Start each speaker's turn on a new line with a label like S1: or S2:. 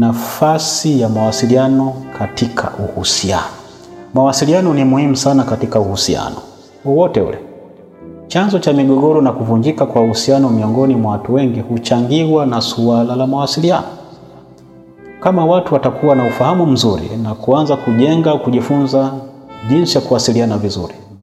S1: nafasi ya mawasiliano katika uhusiano. Mawasiliano ni muhimu sana katika uhusiano wowote ule. Chanzo cha migogoro na kuvunjika kwa uhusiano miongoni mwa watu wengi huchangiwa na suala la mawasiliano. Kama watu watakuwa na ufahamu mzuri na kuanza kujenga au kujifunza jinsi ya kuwasiliana vizuri